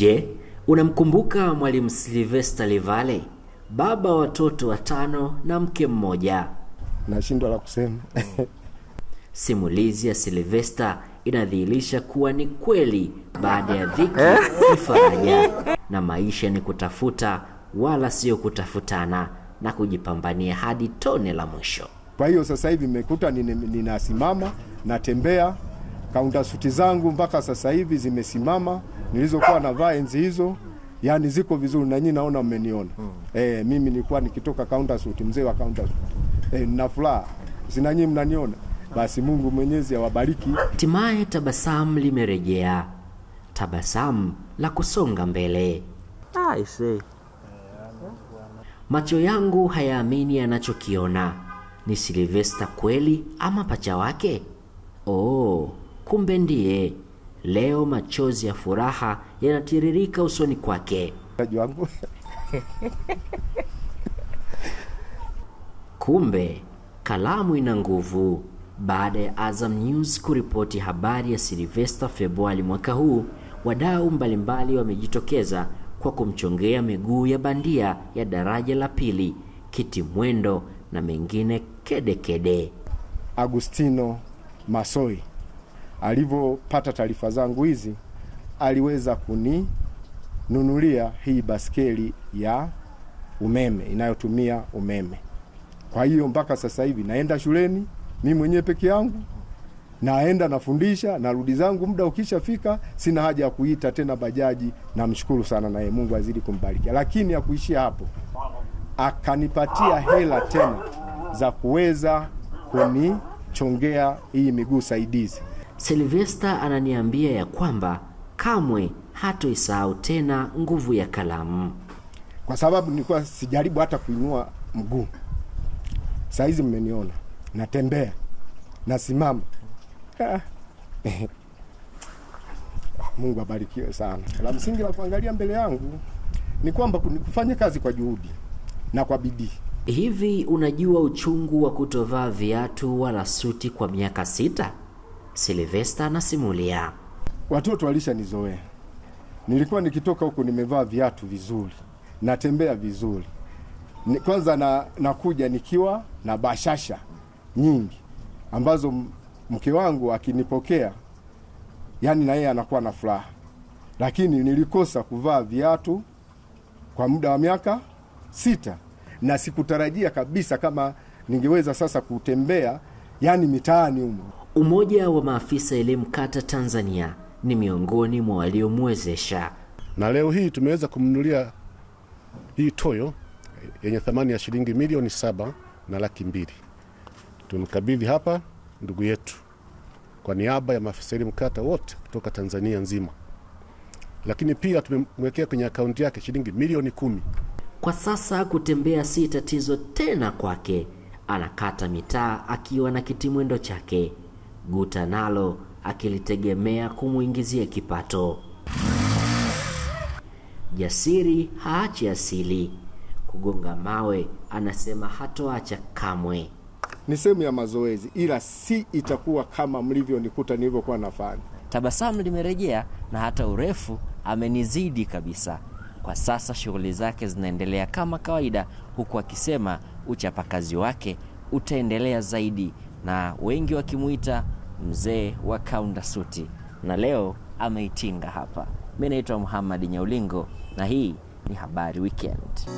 Je, unamkumbuka Mwalimu Sylvester Livale, baba watoto watano na mke mmoja? Nashindwa la kusema. Simulizi ya Sylvester inadhihirisha kuwa ni kweli, baada ya dhiki eh? ni faraja, na maisha ni kutafuta wala sio kutafutana, na kujipambania hadi tone la mwisho. Kwa hiyo sasa hivi mmekuta ninasimama, natembea, kaunda suti zangu mpaka sasa hivi zimesimama nilizokuwa navaa enzi hizo yani ziko vizuri na nyinyi naona mmeniona. Mm. Eh, mimi nilikuwa nikitoka counter suit, mzee wa counter suit. Eh, nina furaha. Si na nyinyi mnaniona. Basi Mungu Mwenyezi awabariki. timaye tabasamu limerejea. Tabasamu la kusonga mbele. Aise. Macho yangu hayaamini yanachokiona. Ni Sylvester kweli ama pacha wake? Oh, kumbe ndiye. Leo machozi ya furaha yanatiririka usoni kwake. Kumbe kalamu ina nguvu. Baada ya Azam News kuripoti habari ya Silvesta Februari mwaka huu, wadau mbalimbali wamejitokeza kwa kumchongea miguu ya bandia ya daraja la pili, kiti mwendo na mengine kedekede kede. Agustino Masoi alivyopata taarifa zangu hizi aliweza kuninunulia hii baskeli ya umeme inayotumia umeme. Kwa hiyo mpaka sasa hivi naenda shuleni mi mwenyewe peke yangu, naenda nafundisha, narudi zangu. Muda ukishafika, sina haja ya kuita tena bajaji. Namshukuru sana naye Mungu azidi kumbariki. lakini ya kuishia hapo, akanipatia hela tena za kuweza kunichongea hii miguu saidizi. Silvesta ananiambia ya kwamba kamwe hatoisahau tena nguvu ya kalamu, kwa sababu nilikuwa sijaribu hata kuinua mguu. Saa hizi mmeniona natembea, nasimama. Ah. Mungu abarikiwe sana. La msingi la kuangalia mbele yangu ni kwamba kufanya kazi kwa juhudi na kwa bidii. Hivi unajua uchungu wa kutovaa viatu wala suti kwa miaka sita? Silvesta anasimulia. Watoto walisha nizoea, nilikuwa nikitoka huku nimevaa viatu vizuri, natembea vizuri kwanza na, nakuja nikiwa na bashasha nyingi ambazo mke wangu akinipokea, yani na yeye anakuwa na furaha, lakini nilikosa kuvaa viatu kwa muda wa miaka sita na sikutarajia kabisa kama ningeweza sasa kutembea yani mitaani humo. Umoja wa maafisa elimu kata Tanzania ni miongoni mwa waliomwezesha, na leo hii tumeweza kumnunulia hii toyo yenye thamani ya shilingi milioni saba na laki mbili. Tumkabidhi hapa ndugu yetu kwa niaba ya maafisa elimu kata wote kutoka Tanzania nzima, lakini pia tumemwekea kwenye akaunti yake shilingi milioni kumi. Kwa sasa kutembea si tatizo tena kwake, anakata mitaa akiwa na kitimwendo chake guta nalo akilitegemea kumwingizia kipato. Jasiri haachi asili, kugonga mawe anasema hatoacha kamwe. Ni sehemu ya mazoezi, ila si itakuwa kama mlivyonikuta nilivyokuwa nafanya. Tabasamu limerejea na hata urefu amenizidi kabisa. Kwa sasa shughuli zake zinaendelea kama kawaida, huku akisema uchapakazi wake utaendelea zaidi na wengi wakimuita mzee wa kaunda suti, na leo ameitinga hapa. Mi naitwa Muhammad Nyaulingo na hii ni Habari Weekend.